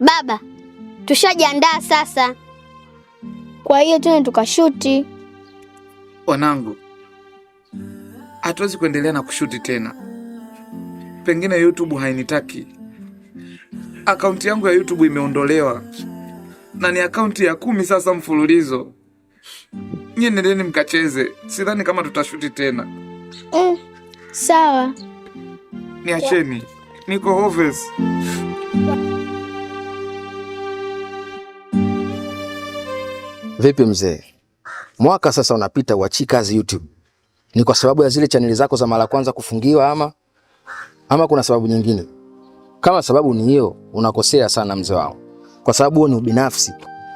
Baba, tushajiandaa sasa, kwa hiyo twende tukashuti. Wanangu, hatuwezi kuendelea na kushuti tena, pengine YouTube hainitaki. Akaunti yangu ya YouTube imeondolewa na ni akaunti ya kumi sasa mfululizo. Nyie nendeni mkacheze, sidhani kama tutashuti tena. Mm, sawa, niacheni, niko yeah. Vipi mzee, mwaka sasa unapita uachi kazi YouTube, ni kwa sababu ya zile chaneli zako za mara kwanza kufungiwa ama ama kuna sababu nyingine? Kama sababu ni hiyo, unakosea sana mzee wao, kwa sababu huo ni ubinafsi.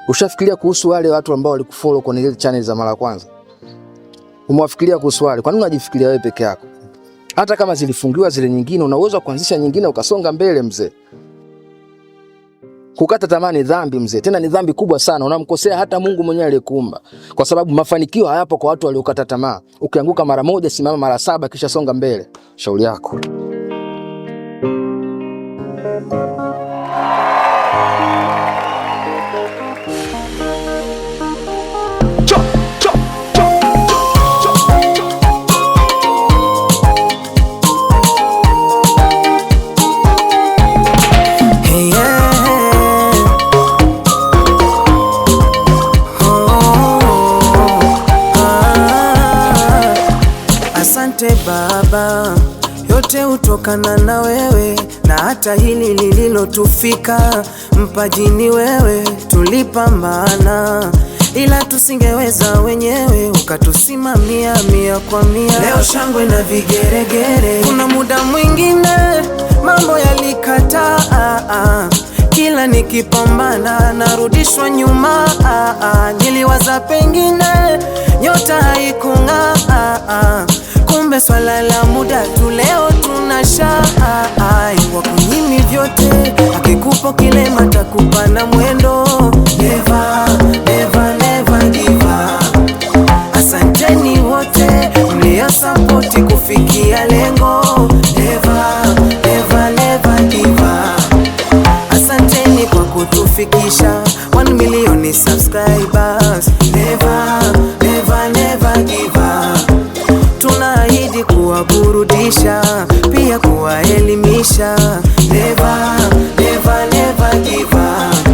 Ushafikiria kuhusu wale watu ambao walikufollow kwenye zile chaneli za mara kwanza? Umewafikiria kuhusu wale? Kwa nini unajifikiria wewe peke yako? Hata kama zilifungiwa zile nyingine, una uwezo wa kuanzisha nyingine ukasonga mbele mzee. Kukata tamaa ni dhambi mzee, tena ni dhambi kubwa sana. Unamkosea hata Mungu mwenyewe aliyekuumba, kwa sababu mafanikio hayapo kwa watu waliokata tamaa. Ukianguka mara moja, simama mara saba, kisha songa mbele. Shauri yako. Baba, yote hutokana na wewe, na hata hili lililotufika mpajini wewe tulipambana, ila tusingeweza wenyewe, ukatusimamia mia kwa mia. Leo shangwe na vigeregere. Kuna muda mwingine mambo yalikataa, kila nikipambana narudishwa nyuma. Niliwaza pengine nyota haikung'aa Usitume swala la muda tu, leo tuna shai wa kunyimi vyote, akikupo kile matakupa na mwendo. Never, never, never give up. Asanteni wote mlio sapoti kufikia lengo. Never, never, never give up. Asanteni kwa kutufikisha 1 million subscribers. kuwaburudisha, pia kuwaelimisha. Never, never, never give up.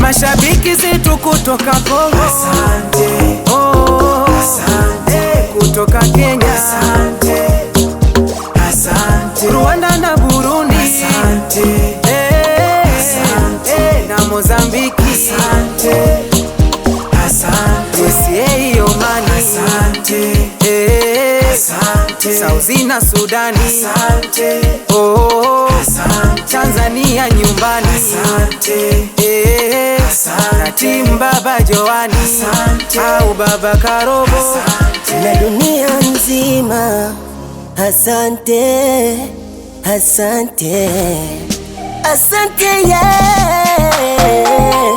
Mashabiki zetu kutoka Kongo. Asante kutoka Kenya, asante, asante. Rwanda na Burundi, asante, eh, eh, eh, asante. na Mozambiki, asante, asante. USA, Omani, asante, asante. Saudi na Sudani, asante oh, Asante. Tanzania nyumbani Asante. Eh, Asante. Na timu baba Joani Asante. au baba Karobo Asante. na dunia nzima Asante, Asante, Asante yeah.